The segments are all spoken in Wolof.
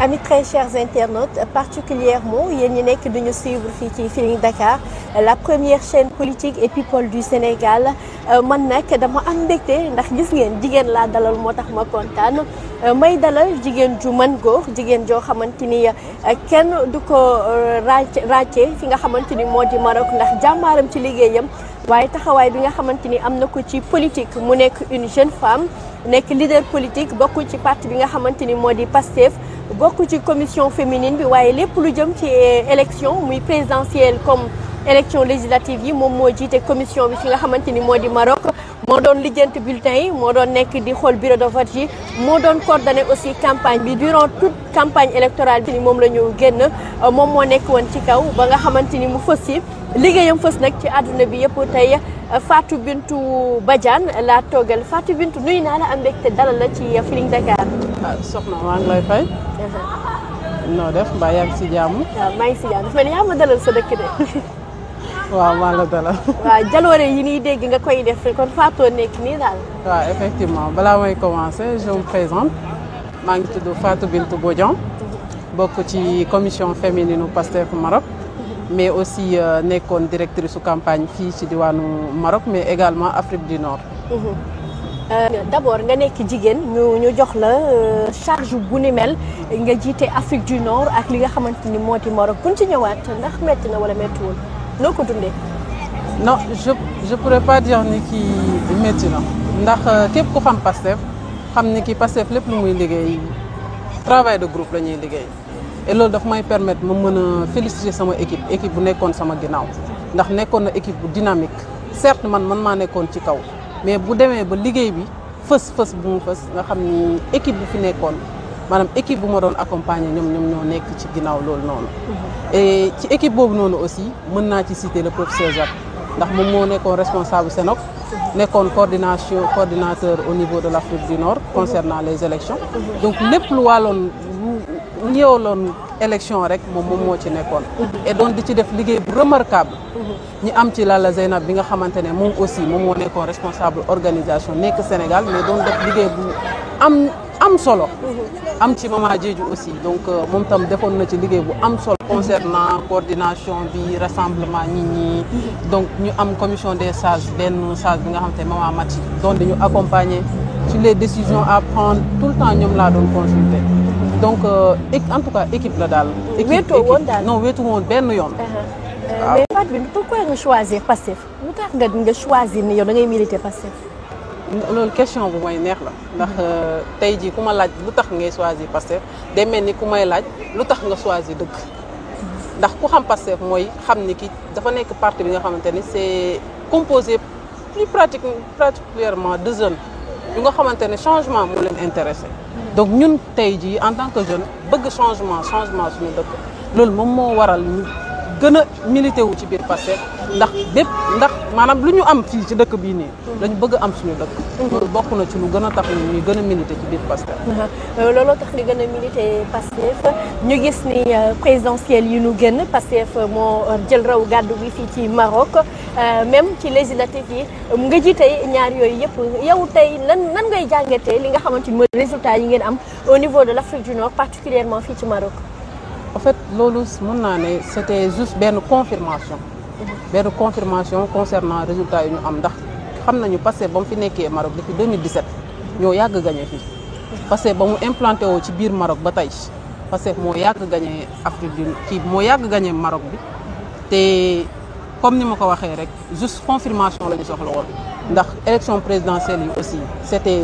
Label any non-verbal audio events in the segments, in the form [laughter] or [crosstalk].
amis très chers internautes particulièrement yéen ñi nekk duñu suivre fii ci Feeling Dakar la première chaîne politique et people du Sénégal euh, man nag dama am mbégte ndax gis ngeen jigéen laa dalal moo tax ma kontaan euh, may dalal jigéen ju man góor jigéen joo xamante ni euh, kenn du ko ràcce fi nga xamante ni moo di Maroc ndax jàmmaaram ci liggéeyam waaye taxawaay bi nga xamante ni am na ko ci politique mu nekk une jeune femme nekk leader politique bokku ci parti bi nga xamante ni moo di PASTEF bokk ci commission féminine bi waaye lépp lu jëm ci eh, élection muy présidentielle comme élection législative yi moom moo jiite commission bi fi nga xamante ni moo di Maroc moo doon lijjanti bulletin yi moo doon nekk di xool bureau de vote moo doon coordonné aussi campagne bi durant toute campagne électorale bi moom la ñu génn moom moo nekk woon ci kaw ba nga xamante ni mu fës yi liggéeyam fës nag ci àdduna bi yëpp tey Fatou Bintou Badiane laa toogal Fatou Bintou nuyu naa la am mbégte dalal la ci Feeling Dakar. ah soxna maa ngi lay fay. [laughs] noo def mbaa yaa ngi si jàmm. waaw maa ngi si jàmm dafa ne yaa ma dalal sa dëkk de. [laughs] waaw maa la [laughs] waaw jaloore yi ñuy dégg nga koy def kon Fatou nekk nii daal. waaw effectivement balaa mooy commencer je me maa ngi tudd Fatou Bintou Bodian bokk ci commission féminine Pastef Maroc. mais aussi euh, nekkoon directrice su campagne fii ci diwaanu Maroc mais également Afrique du Nord. Mhm. Euh, d'abord nga nekk jigéen ñu ñu jox la euh, charge bu ni mel nga jiite Afrique du Nord ak li nga xamante ni moo di Maroc buñ ci ñëwaat ndax metti na wala méttiwul. noo ko dundee. non je je pourrais pas dire ni kii métti na ndax euh, képp ku xam Pastef xam ni kii Pastef lépp lu muy liggéey travail de groupe la ñuy liggéey loolu dafa may permettre ma mën a féliciter sama équipe équipe bu nekkoon sama ginnaaw ndax nekkoon na équipe bu dynamique certes man man maa nekkoon ci kaw mais bu demee ba liggéey bi fës fës bu mu fës nga xam ni équipe bu fi nekkoon. maanaam équipe bu ma doon accompagner ñoom ñoom ñoo nekk ci ginnaaw loolu noonu. Mhm. ci équipe boobu noonu aussi mën naa ci citer la professeur Jacques ndax moom moo nekkoon responsable Senop. Mhm. nekkoon coordination coordinateur au niveau de la Afrique du Nord mhm. concernant les élections. donc lépp lu wàlloon lu ñëwaloon élection rek moom moom moo ci nekkoon. et donc di ci def liggéey bu remarquable. ñu am ci Lalla Zeynab bi nga xamante ne moom aussi moom moo nekkoon responsable organisation nekk Sénégal am solo am ci maman Diédhiou aussi donc euh, moom tam defoon na ci liggéey bu am solo concernant coordination bi rassemblement nit ñi donc ñu am commission des sages benn sage bi nga xam te maman Mati doon dañu accompagner sur les décisions à prendre tout le temps ñoom laa doon consulter donc euh, en tout cas équipe la daal équipe non woon benn yoon uh-huh. euh, ah. mais Fatou pourquoi nga choisir Pastef lu tax nga nga choisir ni yow da ngay militer Pastef loolu question bu may neex la ndax euh, tey jii ku ma laaj lu tax ngay choisir Pastef day mel ni ku may laaj lu tax nga choisir dëgg ndax ku xam Pastef mooy xam ni ki dafa nekk parti bi nga xamante ni c'est composé plus pratique particulièrement de jeunes yu nga xamante ne changement moo leen intéressé donc ñun tey jii en tant que jeune bëgg changement changement suñu dëkk loolu moom moo waral gën a milité wu ci biir Pastef ndax bépp ndax maanaam lu ñu am fii ci dëkk bii nii dañu bëgg am suñu dëkk bokk na ci lu gën a tax ñu ñuy gën a milité ci biir Pastef uh-huh. uh, looloo tax ñu gën a milité Pastef ñu gis ni uh, présidentielle yi ñu gën Pastef uh, moo jël raw gàddu bi fii ci Maroc même ci législative yi um, nga jiite ñaar yooyu yëpp yow tey lan nan ngay jàngatee li nga xamante ni mooy résultat yi ngeen am au niveau de l'Afrique du Nord particulièrement fii ci maro en fait loolu mën naa ne c'était juste benn confirmation benn confirmation concernant résultat yu ñu am ndax xam nañu passé ba mu fi nekkee Maroc depuis 2017 ñoo yàgg gagné fii passé ba mu implanté woo ci biir Maroc ba tey passé moo yàgg gagné Afrique du kii moo yàgg gagné Maroc bi te comme ni ma ko waxee rek juste confirmation la ñu soxla woon ndax élection présidentielle yi aussi c'était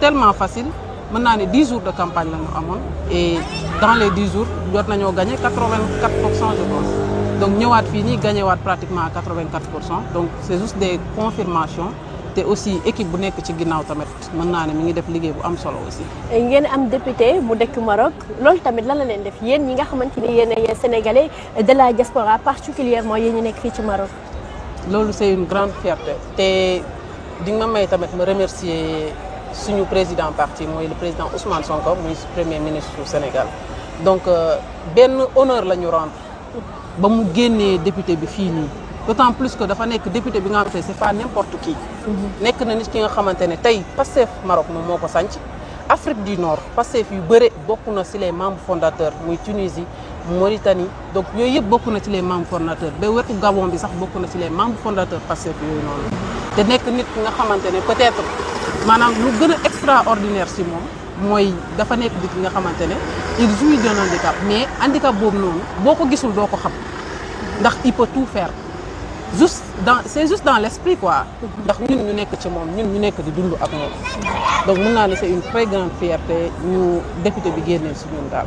tellement facile mën naa ne 10 jours de campagne la ñu amoon et dans les 10 jours jot nañoo gagné 84 pour cent je donc ñëwaat fii nii gagné waat pratiquement à 84 pour cent donc c' est juste des te aussi équipe bu nekk ci ginnaaw tamit mën naa ne mu ngi def liggéey bu am solo aussi. ngeen am député mu dëkk Maroc loolu tamit lan la leen def yéen ñi nga xamante ni yéen ay sénégalais de la diaspora particulièrement yéen ñi nekk fii ci Maroc. loolu c' est une grande fierté te di nga may tamit ma remercier. suñu président parti mooy le président Ousmane Sonko muy premier ministre du Sénégal donc euh, benn honneur la ñu ba mu génnee député bi fii nii d'autant plus que dafa nekk député bi nga xamante ne c'est pas n'importe qui mhm. nekk na nit ki nga xamante ne tey Pastef Maroc moom moo ko sànc Afrique du Nord Pastef yu bëre bokk na si les membres fondateurs muy Tunisie Mauritanie donc yooyu yëpp bokk na ci les membres fondateurs ba wetu Gabon bi sax bokk na ci les membres fondateurs Pastef yooyu noonu te nekk nit ki nga xamante ne peut maanaam lu gën a extraordinaire si moom mooy dafa nekk di ki nga xamante ne il jouit d'un handicap mais handicap boobu noonu boo ko gisul doo ko xam ndax il peut tout faire juste dans c'est juste dans l'esprit quoi ndax ñun ñu nekk ci moom ñun ñu nekk di dund ak moom donc mun naa ne c'est une très grande fierté ñu député bi génnee si ñun daal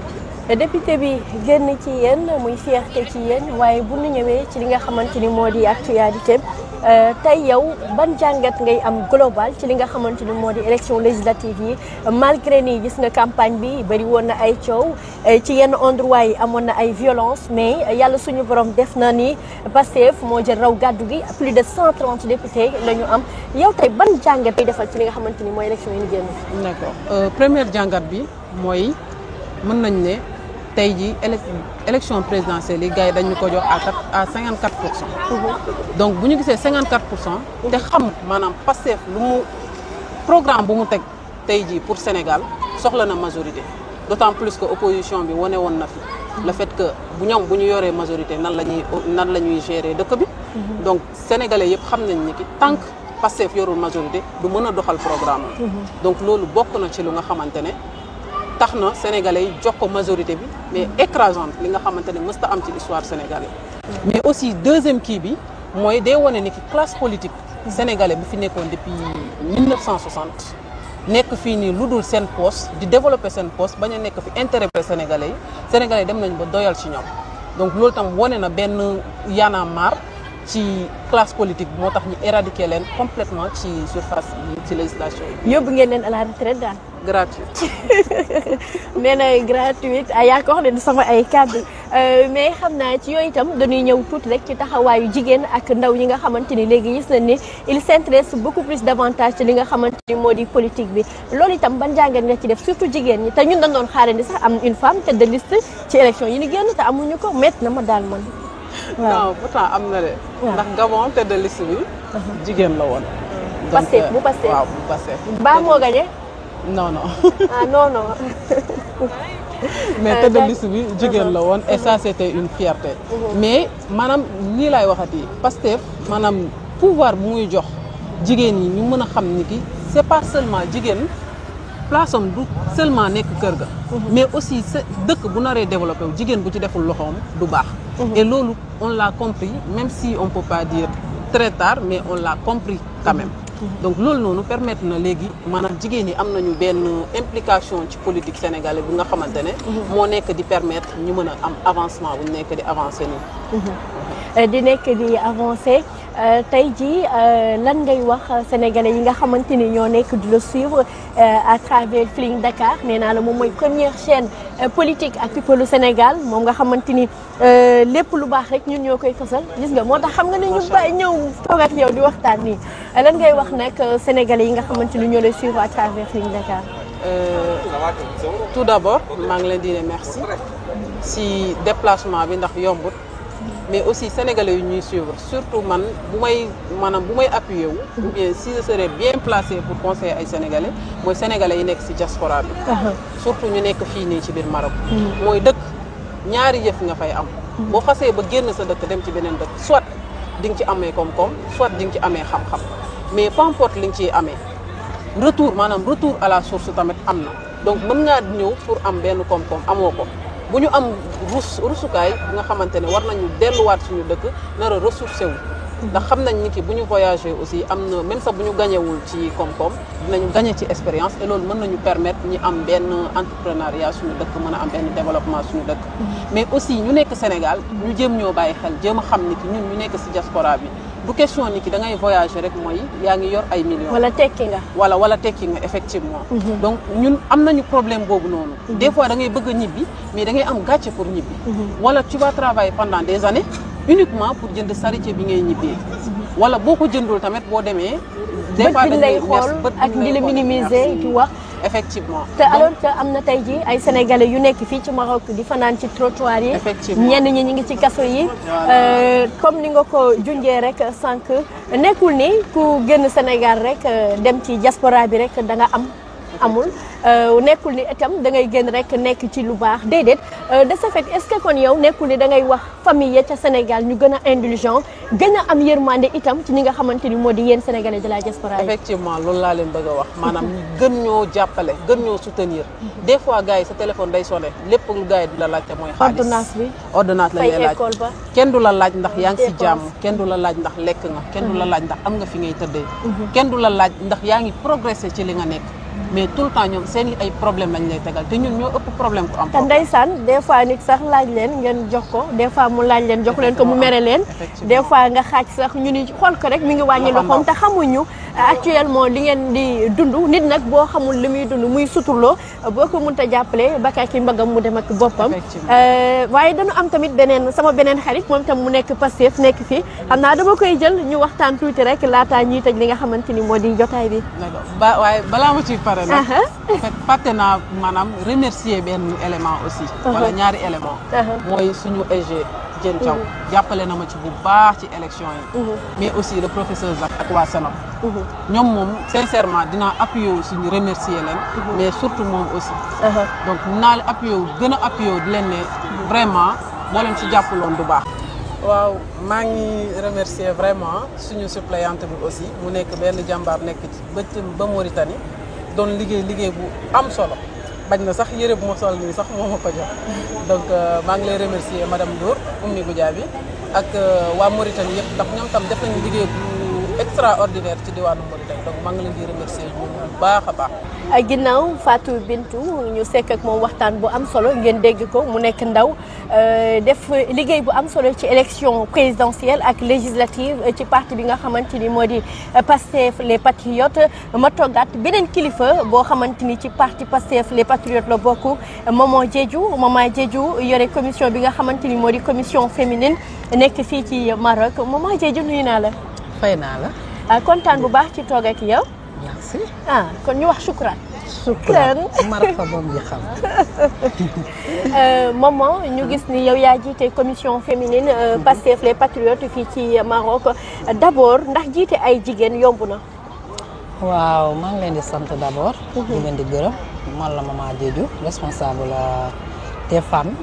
député bi génn ci yéen muy fierté ci yéen waaye bu ñu ñëwee ci li nga xamante ni moo di actualité Euh, tey yow ban jàngat ngay am global ci li nga xamante ni moo di élection législative yi malgré ni gis nga campagne bi bëri woon na ay coow euh, ci yenn endroit yi amoon na ay violence mais yàlla suñu borom def na ni Pastef moo jël raw gàddu gi plus de 130 députés ñu am yow tey ban jàngat ngay defal ci li nga xamante ni mooy élection yi ñu génn. d'accord euh, première jàngat bi mooy mën nañ ne. tey jii élection présidentielle yi gars yi dañu ko jox à quatre à cinquante quatre pour cent. Mhm. donc bu ñu gisee cinquante quatre pour cent. te xam maanaam Pastef lu mu programme bu mu teg tey jii pour Sénégal soxla na majorité d'autant plus que opposition bi wane woon na fi. le fait que bu ñoom bu ñu yoree majorité nan la ñuy nan la ñuy gérer dëkk bi. Mhm. donc sénégalais yëpp xam nañ ni ki tànk Pastef yorul majorité du mën a doxal programme mhm. donc loolu bokk na ci lu nga xamante ne. tax na sénégalais yi jox ko majorité bi mais écrasante li nga xamante ne mësta am ci histoire sénégalais mais aussi deuxième kii bi mooy day wane ni ki classe politique sénégalais bu fi nekkoon depuis 1960 nekk fii nii lu dul seen poste di développer seen poste bañ a nekk fi intérêt sénégalais yi sénégalais yi dem nañ ba doyal ci ñoom donc loolu tam wane na benn yaana ci classe politique moo tax ñu éradiquer leen complètement ci surface bi ci législation yi. yóbbu ngeen leen à la retraite daal. gratuite. [laughs] nee na ay ah, yaa ko wax ne sama ay kàddu euh, mais xam naa ci yooyu itam dañuy ñëw tuuti rek ci taxawaayu jigéen ak ndaw yi nga xamante ni léegi gis nañ ni il s'intéresse beaucoup plus davantage ci li nga xamante ni moo di politique bi loolu itam ban jàngat nga ci def surtout jigéen ñi te ñu dañ doon xaarandi sax une femme tête de liste yi ni génn te amuñu ko métti na ma daal man. non pourtant am na de. ndax Gabon tête de bi. Uh-huh. jigéen la woon. Mm. Pastef bu euh, Pastef waaw bu Pastef. Ba moo gagné. non non. ah non [laughs] mais euh, tête de bi jigéen la woon et ça une fierté. Uh-huh. mais maanaam lii laay waxati Pastef maanaam pouvoir bu muy jox jigéen ñi ñu mën a xam ni ki c'est pas seulement jigéen. place du seulement nekk kër ga uh-huh. mais aussi dëkk bu naree développé wu jigéen bu ci deful loxoom du baax et loolu on l'a compris même si on peut pas dire très tard mais on l'a compris quand même donc loolu noonu permettre na léegi maanaam jigéen ñi am na ñu benn implication ci politique sénégalaise bu nga xamante ne moo nekk di permettre ñu mën a am avancement bu nekk di avancer nii mhm. euh, di nekk di avancer Euh, tey jii euh, lan ngay wax euh, sénégalais yi nga xamante ni ñoo nekk di la suivre à travers Feeling Dakar nee naa la moom mooy première chaîne politique ak people lu Sénégal moom nga xamante ni lépp lu baax rek ñun ñoo koy fësal gis nga moo tax xam nga ne ñu ñëw toog ak yow di waxtaan nii lan ngay wax nag sénégalais yi nga xamante ni ñoo lay suivre à travers Feeling Dakar. tout d'abord maa ngi leen di ne merci si déplacement bi ndax yombut. mais aussi sénégalais yu ñuy suivre surtout man bu may maanaam bu may appuyer wu. ou bien si je serais bien placé pour conseiller ay sénégalais mooy sénégalais yi nekk si diaspora bi. Uh-huh. surtout ñu nekk fii nii ci biir Maroc. Mm-hmm. mooy dëkk ñaari yëf nga fay am. Mm-hmm. boo xasee ba génn sa dëkk dem ci beneen dëkk soit di ci amee koom-koom soit di nga ci amee xam-xam mais peu importe li nga ciy amee retour maanaam retour à la source tamit am na donc mën ngaa ñëw pour am benn koom-koom amoo ko. bu ñu am rus rusukaay bi nga xamante ne war nañu delluwaat suñu dëkk nar a ressourcé ndax xam nañ ni ki bu ñu voyagé aussi am na même bu ñu gañewul ci koom-koom dinañu gañe ci expérience e loolu mën nañu permettre ñi am benn entrepreneuriat suñu dëkk mën a am benn développement suñu dëkk mm-hmm. mais aussi ñu nekk Sénégal ñu jëm ñoo bàyyi xel jéem a xam ni ki ñun ñu nekk si diaspora bi du question ni ki da ngay voyager rek mooy yaa ngi yor ay millions. wala tekki nga. wala wala tekki nga effectivement. Mhm. donc ñun am nañu problème boobu noonu. Mhm. des fois da ngay bëgg a ñibbi mais dangay ngay am gàcce pour ñibbi. Mhm. wala tu vas travailler pendant des années uniquement pour jënd charité bi ngay ñibbi wala boo ko jëndul tamit boo demee. des fois dañuy bët xool ak ñi la minimiser di wax. effectivement te alors que am na tey ji ay sénégalais yu nekk fii ci Maroc di fanaan ci trottoir yi ñenn ñi ñu ngi ci kaso yi euh, comme ni nga ko junjee rek sànq nekkul ni ku génn Sénégal rek euh, dem ci diaspora bi rek da am amul euh, nekkul ni itam da ngay génn rek nekk ci lu baax déedéet euh, de ce fait est-ce que kon yow nekkul ni da ngay wax famille ya ca Sénégal ñu gën a indulgent gën a am yërmande itam ci ñi nga xamante ni moo di yéen sénégalais de la effectivement loolu laa leen bëgg wax maanaam gën ñoo jàppale gën ñoo soutenir des fois gars yi sa téléphone day sonné lépp lu gars di la laajte mooy xaalis ordonnance bi ordonnance lañ lay kenn du la laaj ndax yaa ngi si jàmm kenn du la laaj ndax lekk nga kenn la mhm. laaj ndax am nga fi ngay tëddee mhm. kenn du la laaj ndax yaa ngi progressé ci li nga nekk mais tout le temps ñoom seen i ay problème lañ lay tegal te ñun ñoo ëpp problème ku am te ndeysaan des nit sax laaj leen ngeen jox ko des fois mu laaj leen jox leen ko mu mere leen des fois nga xaaj sax ñu ni xool ko rek mi ngi wàññi loxoom te xamuñu euh, actuellement li ngeen di dund nit nag boo xamul li muy dund muy suturloo boo ko mun mënta jàppale bakkaay ki mbagam mu dem ak boppam euh, waaye dañu am tamit beneen sama beneen xarit moom tam mu nekk Pastef nekk fii xam naa dama koy jël ñu waxtaan tuuti rek laataa ñuy tëj li nga xamante ni moo di jotaay bi waaye pare nag en naa maanaam remercier benn élément aussi ah, ah. wala ñaari élément ah, mooy suñu EG Dieng Thiaw mm-hmm. jàppale na ma ci bu baax ci élection yi mm-hmm. mais aussi le professeur Zak ak waa Senop mm-hmm. ñoom moom sincèrement dinaa appuyer wu suñu remercier leen mais surtout moom aussi donc naa la appuyer wu gën di leen ne vraiment boo leen ci jàppaloon du baax waaw maa ngi remercier vraiment suñu suppléante bi aussi mu nekk benn jàmbaar nekk ci bëtt ba Mauritanie doon liggéey liggéey bu am solo bañ na sax yëre bu ma sol nii sax moo ma ko jox donc euh, maa ngi lay remercier madame Ndour Oumy Goudiaby ak euh, waa Mauritanie yëpp ndax ñoom tam def nañu liggéey extraordinaire ci diwaanu Mauritanie donc maa ngi leen di remercier bu baax a baax. ginnaaw Fatou Bintou ñu sekk ak moom waxtaan bu am solo ngeen dégg ko mu nekk ndaw euh, def liggéey bu am solo ci élection présidentielle ak législative euh, ci parti bi nga xamante ni moo di euh, Pastef les Patriotes ma toggaat beneen kilifa boo xamante ni ci parti Pastef les Patriotes la bokk Maman Diédhiou Maman Diédhiou yore commission bi nga xamante ni moo di commission féminine nekk fii ci Maroc Maman naa la. fay naa la. ah kontaan bu baax ci toog ak yow. merci. ah kon ñu wax shukran. shukran [laughs] marhaban bi xam. [laughs] Euh, maman ñu gis ni yow yaa jiite commission féminine euh, mhm. Pastef les patriotes fii ci Maroc d'abord ndax jiite ay jigéen yomb na. waaw maa ngi leen di sant d'abord. Mhm. di leen di gërëm man la maman Diédhiou responsable euh, des femmes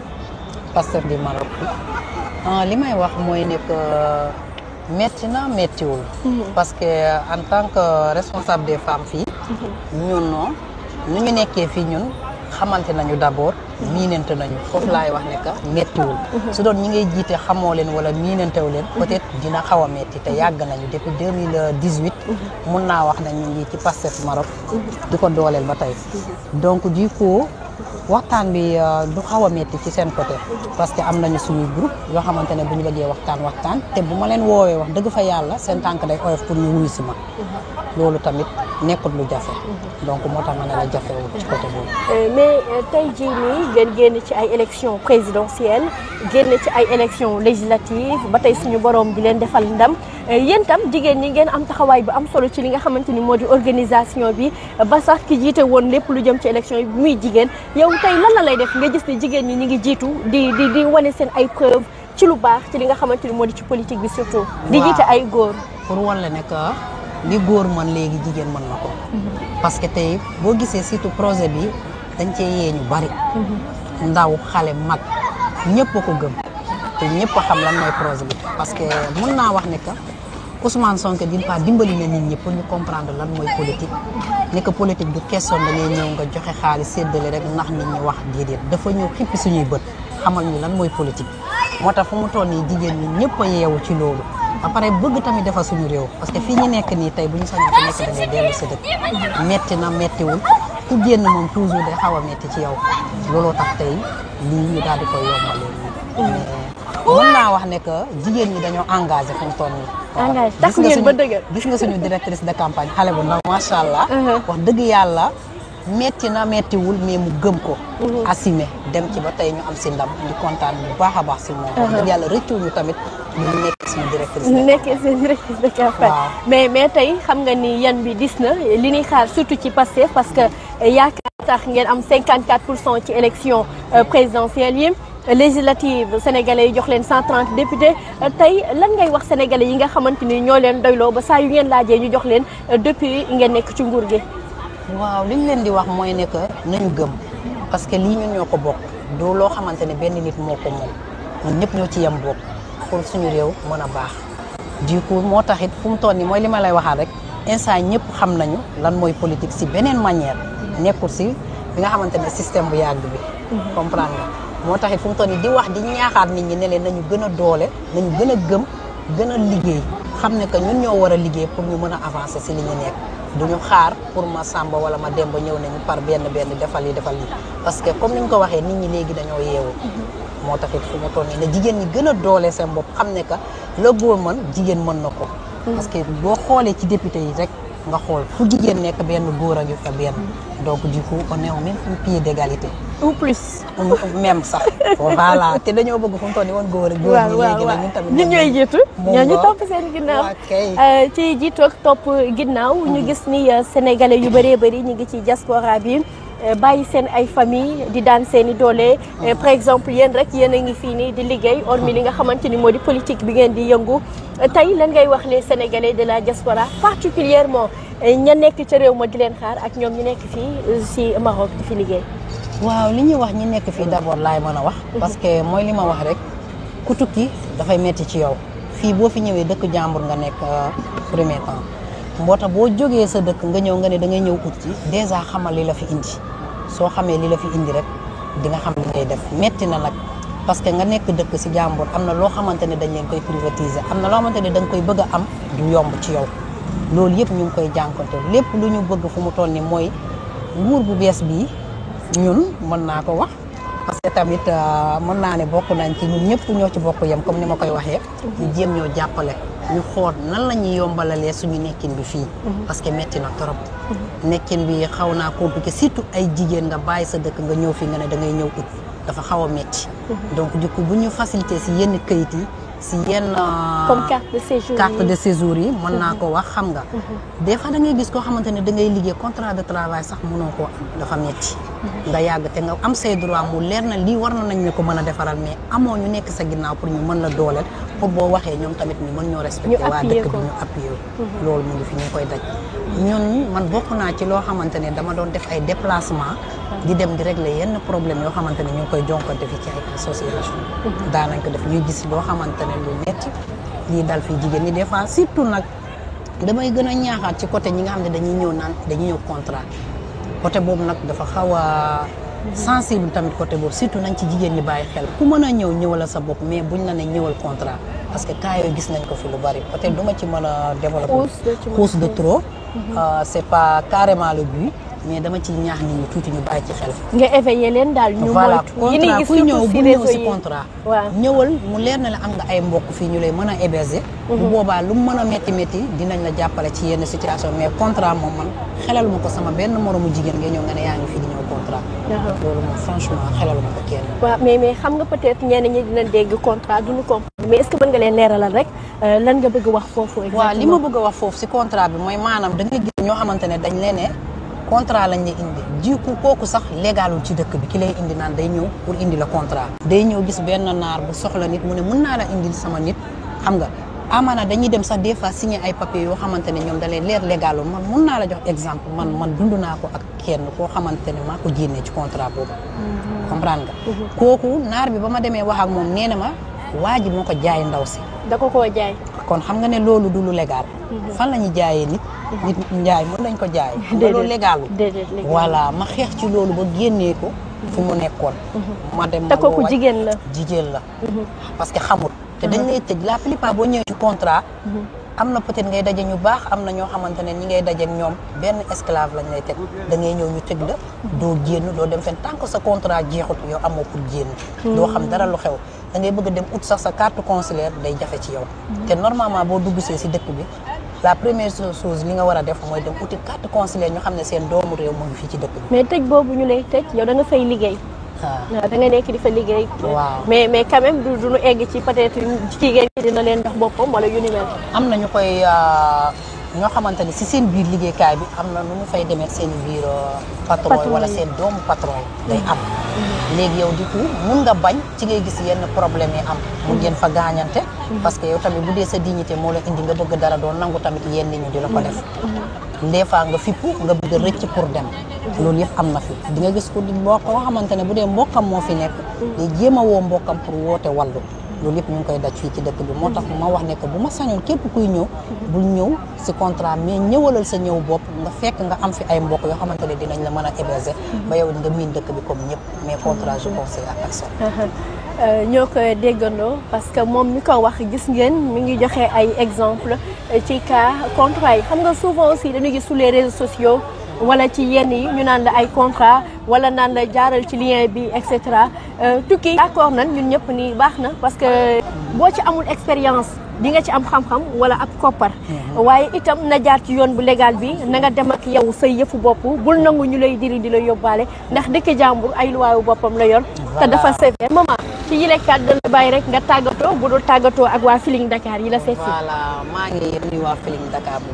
Pastef du Maroc. Ah, li may wax mooy nekk. métti na méttiwul mhm. parce que en tant que responsable des femmes fii mhm. ñun non nu ñu nekkee fii ñun xamante nañu d'abord miinante nañu foofu laay wax ne que méttiwul mhm. su doon ñu ngay jiite xamoo leen wala miinantew leen peut-être dina xaw a métti te yàgg nañu depuis 2018 mun naa wax ne ñu ngi ci Pastef Maroc di ko dooleel ba tey donc du waxtaan bi euh, du xaw a metti ci seen côté parce que am nañu suñuy groupe yoo xamante ne bu ñu bëggee waxtaan waxtaan te bu ma leen woowee wax dëgg fa yàlla seen tànk day oyof pour ñu wuyu si ma mhm. loolu tamit nekkul lu jafe. donc moo tax ma ne la euh, mais euh, tey jii nii génn ci ay élections présidentielles génn ci ay élections législatives ba tey suñu borom bi leen defal ndam euh, yéen tam jigéen ñi ngeen am taxawaay bu am solo ci li nga xamante ni moo di organisation bi ba sax ki jiite woon lépp lu jëm ci élection yi muy jigéen yow tey lan lay def nga gis ne jigéen ñi ñu ngi jiitu di di di wane seen ay preuve ci lu baax ci li nga xamante ni moo di ci politique bi surtout. di jiite ay góor. pour wan la nekk li góor man léegi jigéen mën na ko mhm. parce que tey boo gisee surtout projet bi dañ cee yee ñu bari mhm. ndaw xale mag ñëpp a ko gëm te ñëpp a xam lan mooy projet bi parce que mën naa wax ne que Ousmane Sonko d'une dimbali na nit ñi pour ñu comprendre lan mooy politique ne que politique du question da ngay ñëw nga joxe xaalis séddale rek ndax nit ñi wax déedéet dafa ñëw xippi suñuy bët xamal ñu lan mooy politique moo tax fu mu toll nii jigéen ñi ñëpp a yeewu ci loolu ba pare bëgg tamit defar suñu réew parce que fii ñu nekk nii tey bu ñu sañoon ku nekk dangay dellu si dëkk metti na mettiwul ku génn moom toujours day xaw a metti ci yow looloo tax tey lii ñu daal di koy yombal loolu naa wax ne que jigéen ñi dañoo engagé fu mu toll nii. engagé tax ngeen ba dëgër gis nga suñu directrice de campagne xale bu ndaw macha allah. Uh-huh. wax dëgg yàlla metti na mettiwul mais mu gëm ko. Uh-huh. assumé dem ci ba tey ñu am si ndam di kontaan bu baax a baax si moom. wax dëgg uh-huh. yàlla tamit mu nekk suñu directrice mu nekk suñu directrice de campagne mais mais tey xam nga ni yan bi dis na li ñuy xaar surtout ci Pastef parce que eh, yaakaar tax ngeen am 54 pour cent ci élection euh, présidentielle yi législative sénégalais yi jox leen 130 députés euh, tey lan ngay wax sénégalais yi nga xamante ni ñoo leen doyloo ba saa yu ngeen laajee ñu jox leen euh, depuis ngeen nekk ci nguur gi. waaw li ñu leen di wax mooy ne que nañu gëm parce que lii ñun ñoo ko bokk du loo xamante ne benn nit moo ko moom ñun ñëpp ñoo ci yem bokk. pour suñu réew mën a baax du coup moo tax it fu mu toll nii mooy li ma lay waxaat rek instant ñëpp xam nañu lan mooy politique si beneen manière nekkul si bi nga xamante ne système bu yàgg bi comprendre moo tax it fu mu toll nii di wax di ñaaxaat nit ñi ne leen nañu gën a doole nañu gën a gëm gën a liggéey xam ne que ñun ñoo war a liggéey pour ñu mën a avancer si li ñu nekk du ñu xaar pour ma sàmba wala ma demba ñëw nañu par benn benn defal yi defal yi parce que comme ni ñu ko waxee nit ñi léegi dañoo yeewu moo tax fu mu nii ne jigéen ñi gën a doole seen bopp xam ne que la góor mën jigéen mën na ko. Mm. parce boo xoolee ci député yi rek nga xool fu jigéen nekk benn góor a ngi fa benn. donc di ko on est au d'égalité. ou plus. même sax. voilà te dañoo bëgg fu mu toll woon góor ak góor ñi. léegi nag ñun tamit ñun ñooy jiitu. ñooñu topp seen ginnaaw. Euh, ci jiitu topp ginnaaw. ñu mm-hmm. gis ni euh, sénégalais yu bëree bëri ñu ngi ci diaspora bi. Eh, bàyyi seen ay famille di daan seen i doole. Eh, ah. par exemple yéen rek yéen a ngi fii nii di liggéey hormis li nga xamante ni moo di politique bi ngeen di yëngu eh, tey lan ngay wax les sénégalais de la diaspora particulièrement ña nekk ca réew ma di leen xaar ak ñoom ñu nekk fii euh, si Maroc di fi liggéey. waaw li ñuy wax ñu nekk fii d'abord laay mën a wax. Mhm. parce que mooy li ma wax rek ku tukki dafay metti ci yow fii boo fi ñëwee dëkk jàmbur nga nekk euh, premier temps. moo tax boo jógee sa dëkk nga ñëw nga ne da ñëw ut ci dèjà xamal li la fi indi soo xamee li la fi indi rek di nga xam li ngay def metti na nag parce que nga nekk dëkk si jàmbur am na loo xamante ne dañ leen koy privatiser am na loo xamante ne da koy bëgg am du yomb ci yow loolu yëpp ñu ngi koy jànkonte lépp lu ñu bëgg fu mu toll nii mooy nguur bu bees bii ñun mën naa ko wax parce que tamit euh, mën naa ne bokk nañ ci ñun ñëpp ñoo ci bokk yem comme ni ma koy waxee. ñu jéem ñoo jàppale. ñu xool nan la ñuy yombalalee suñu nekkin bi fii. Mhm. parce que metti na trop. Mhm. nekkin bi xaw naa compliqué surtout ay jigéen nga bàyyi sa dëkk nga ñëw fii nga ne da ngay ñëw ut dafa xaw a metti mhm. donc du bu ñu facilité si yenn kayit yi. si yenn. Euh, comme carte de séjour yi de séjour yi mën naa mhm. ko wax xam nga. Mhm. des na da ngay gis koo xamante ne da ngay liggéey contrat de travail sax mënoo koo am dafa metti mhm. nga yàgg te nga am say droit mu leer na lii war na nañ ñu ko mën a defaral mais amoo ñu nekk sa ginnaaw pour ñu mën la dooleel pour boo waxee ñoom tamit ñu mën ñoo respecté. waa dëkk bi ñu appuyé loolu mu ngi fi ñu koy daj. ñun man bokk naa ci loo xamante ne dama doon def ay déplacement di dem di régler yenn problème yoo xamante ne ñu ngi koy jonkante fi ci ay association mhm. daanañ ko def ñuy gis loo xamante ne lu metti lii dal fi jigéen ñi des fois surtout nag damay gën a ñaaxaat ci côté ñi nga xam ne dañuy ñëw naan dañuy ñëw contrat côté boobu nag dafa xaw a mhm. sensible tamit côté boobu surtout nañ ci jigéen ñi bàyyi xel ku mën a ñëw ñëwal sa bopp mais buñ la ne ñëwal contrat parce que cas yooyu gis nañ ko fi lu bari côté duma ci mën a développer xuus de trop Euh, c'est pas carrément le but mais dama ci ñaax nit ñi tuuti ñu bàyyi ci xel. nga éveillé leen daal ñu moytu voilà contrat kuy ñëw bu ñëw si contrat. waaw ñëwal mu leer na la am nga ay mbokk fii ñu lay mën a héberger. Mhm. bu boobaa lu mu mën a métti métti dinañ la jàppale ci yenn situation mais contrat moom man xelal ma ko sama benn moromu jigéen nga ñëw nga ne yaa ngi fi ñëw. contrat. loolu moom waaw mais mais xam nga peut-être ñenn ñi dina dégg contrat duñu comprendre mais est-ce que mën nga leen leeralal rek euh, lan nga bëgg wax foofu. exactement waaw li ma bëgg wax foofu ci contrat bi mooy maanaam da ngay gis ñoo xamante ne dañ leen ne contrat lañ lay indi jiku kooku sax légalul ci dëkk bi ki lay indi naan day ñëw pour indi la contrat. day ñëw gis benn naar bu soxla nit mu ne mën naa la indil sama nit xam nga. amaana dañuy dem sax des fois signer ay papiers yoo xamante ne ñoom da leer légalu man mun naa la jox exemple man man dund naa ko ak kenn koo xamante ne maa ko génnee ci contrat boobu. Mhm. comprendre nga. Mhm. kooku naar bi ba ma demee wax ak moom nee na ma waa ji moo ko jaay ndaw si. da ko koo jaay. kon xam nga ne loolu du lu légal. Mhm. fan la ñuy jaayee nit. nit mën lañ ko jaay. [laughs] déedéet loolu légalu. voilà ma xeex ci loolu ba génnee ko. fu mu nekkoon. ma dem ma woo jigéen la jigéen la. parce que xamul. te dañ lay tëj la plupart boo ñëwee ci contrat. am na peut-être ngay daje ñu baax am na ñoo xamante ne ñi ngay daje ñoom benn esclave lañ lay teg da ngay ñëw ñu tëj la. doo génn doo dem fenn tant que sa contrat jeexut yow amoo pour génn. doo xam dara lu xew da ngay bëgg dem ut sax sa carte consulaire day jafe ci yow. te normalement boo dugg see si dëkk bi la première chose li nga war a def mooy dem uti carte consulaire ñu xam ne seen doomu réew mu ngi fii ci dëkk bi. mais tëj ñu lay tëj yow da nga fay liggéey. Ah. waaw da nga nekk di fa liggéey. waaw mais mais quand même du du ñu egg ci peut-être jigéen ñi dina leen jox boppam wala yu ni am na ñu koy. Ah, ñoo xamante ni si seen biir liggéeykaay bi am na nu mu fay demee seen biir euh, patron wala seen doomu patron day am mm-hmm. léegi yow di ko mun nga bañ ci ngay gis yenn problème yi am mun ngeen fa gaañante mm-hmm. parce que yow tamit bu dee sa dignité moo la indi nga bëgg dara doon nangu tamit yenn ñu di la ko def mm-hmm. des fois nga fippu nga bëgg a rëcc pour dem loolu yëpp am na fi di nga gis ko boo koo xamante ne bu dee mbokkam moo fi nekk day jéem a woo mbokkam pour woote wàllu loolu yëpp ñu ngi koy daj fii ci dëkk bi moo tax ma wax ne que bu ma sañoon képp kuy ñëw bul ñëw si contrat mais ñëwalal sa ñëw bopp nga fekk nga am fi ay mbokk yoo xamante ne dinañ la mën a héberger ba yow nga miin dëkk bi comme ñëpp mais contrat je conseille à personne [laughs] euh, ñoo koy déggandoo parce que moom mi ko wax gis ngeen mi ngi joxe ay exemple ci cas contrat yi xam nga souvent aussi dañuy gis sur les réseaux sociaux wala ci yenn yi ñu naan la ay contrat wala naan la jaaral ci lien bi et cetera euh, tukki d'accord nañ ñun ñëpp ni baax na parce que boo ci amul expérience di nga ci am xam-xam wala ab koppar mhm. waaye itam na jaar ci yoon bu légal bi na nga dem ak yow say yëfu bopp bul nangu ñu lay diri di la yóbbaale ndax dëkk jàmbur ay luwaayu boppam la yoon te dafa sévère maman ci yile kàddu la bàyyi rek nga tàggatoo bu dul tàggatoo ak waa Feeling Dakar yi la seet si voilà maa ngi yéen waa Feeling Dakar bu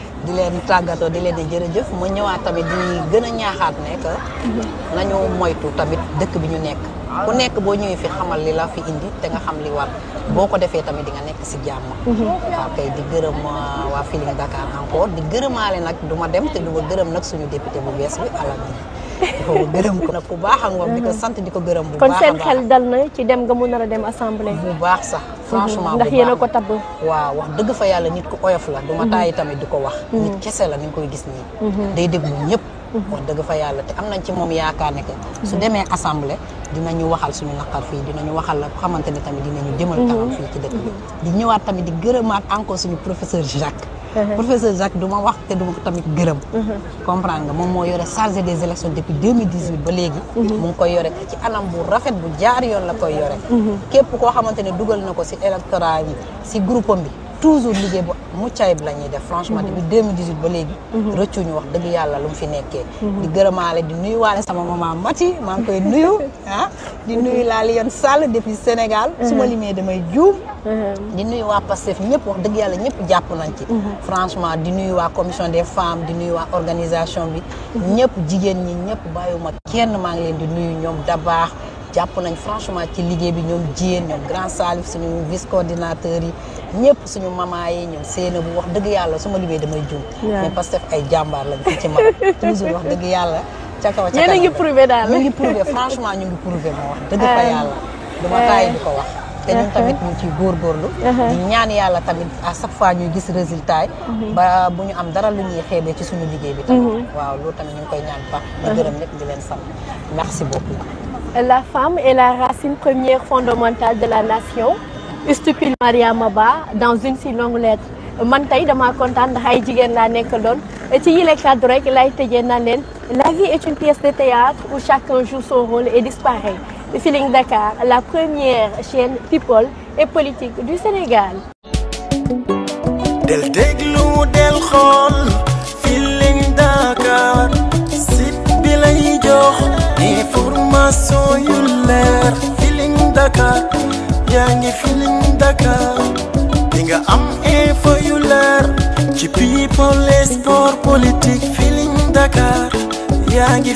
[laughs] di leen tàggatoo di leen di jërëjëf ma ñëwaat tamit di gën a ñaaxaat ne que nañu moytu tamit dëkk bi ñu nekk ku nekk boo ñëwee fi xamal li la fi indi te nga xam li war boo ko defee tamit di nga nekk si jàmm waaw mhm. di gërëm euh, waa Feeling Dakar encore di gërëmaale nag du ma dem te du gërëm nag suñu député bu bees bi Alamine ko gërëm ko nag bu baax a ngoom di sant di ko gërëm bu baax kon seen xel dal na ci dem nga mu nar a dem assemblée. bu baax sax mhm. franchement ndax yéen a ko tabb waaw wax dëgg fa yàlla nit ku oyof la du ma mhm. taay tamit di ko wax mhm. nit kese la ni koy gis nii day déglu ñëpp dëgg fa yàlla te am nañ ci moom yaakaar ne su demee assemblée ñu waxal suñu naqar fii dina ñu waxal la xamante ni tamit dinañu jëmal kanam fii ci dëkk bi di ñëwaat tamit di gërëmaat encore suñu professeur Jacques Uh-huh. professeur Jacques du ma wax te du ko tamit gërëm. Uh-huh. comprendre nga moom moo yore chargé des élections depuis 2018 ba léegi. Uh-huh. mu ko yore ci anam bu rafet bu jaar yoon la ko yore. képp koo xamante ne dugal na ko si électorat yi si groupe bi. toujours liggéey bu mucc ayib la ñuy def mhm. franchement depuis 2018 ba léegi mhm. rëccuñu wax dëgg yàlla lu mu fi nekkee mhm. di gërëmaale di nuyu waale sama maman Mati maa ngi koy nuyu [laughs] ah di nuyu laa Lion Sall depuis Sénégal su ma limee damay juum di nuyu waa Pastef ñëpp wax dëgg yàlla ñëpp jàpp nañ ci franchement di nuyu waa commission des femmes di nuyu waa organisation bi ñëpp jigéen ñi ñëpp bàyyiwuma kenn maa ngi leen di nuyu ñoom dabaax jàpp nañ franchement ci liggéey bi ñoom jiyéen ñoom grand Salif suñu vice coordinateur yi ñëpp suñu maman yi ñoom seena bu wax dëgg yàlla su liggéey limee damay juum mais Pastef ay jàmbaar lañ ko ci man [laughs] toujours wax dëgg yàlla ca kaw ca kaw ñu ngi prouvé ñu ngi prouvé franchement ñu moo wax dëgg fa ah. yàlla duma tàyyi di ko wax te ñun ah. tamit ñu góor góorgóorlu ah. di ñaan yàlla tamit à chaque fois ñuy gis résultat mm-hmm. ba bu ñu am dara lu ñuy xeebee ci suñu liggéey bi tamit mm-hmm. waaw loolu tamit ñu ngi koy ñaan baax di gërëm ñëpp di leen sant merci beaucoup la femme est la racine première fondamentale stupide Mariama Ba dans une si longue lettre man tey dama kontaan ndax ay jigéen laa nekk doon ci yile kàddu rek lay tëjee na leen la vie est une pièce de théâtre où chacun joue son rôle et disparaît Feeling Dakar la première chaîne people et politique du Sénégal del déglu del xool Feeling Dakar yaa Dakar di nga am info yu leer ci people et sport politique ngi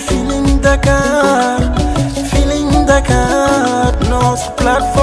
Feeling Dakar Feeling Dakar notre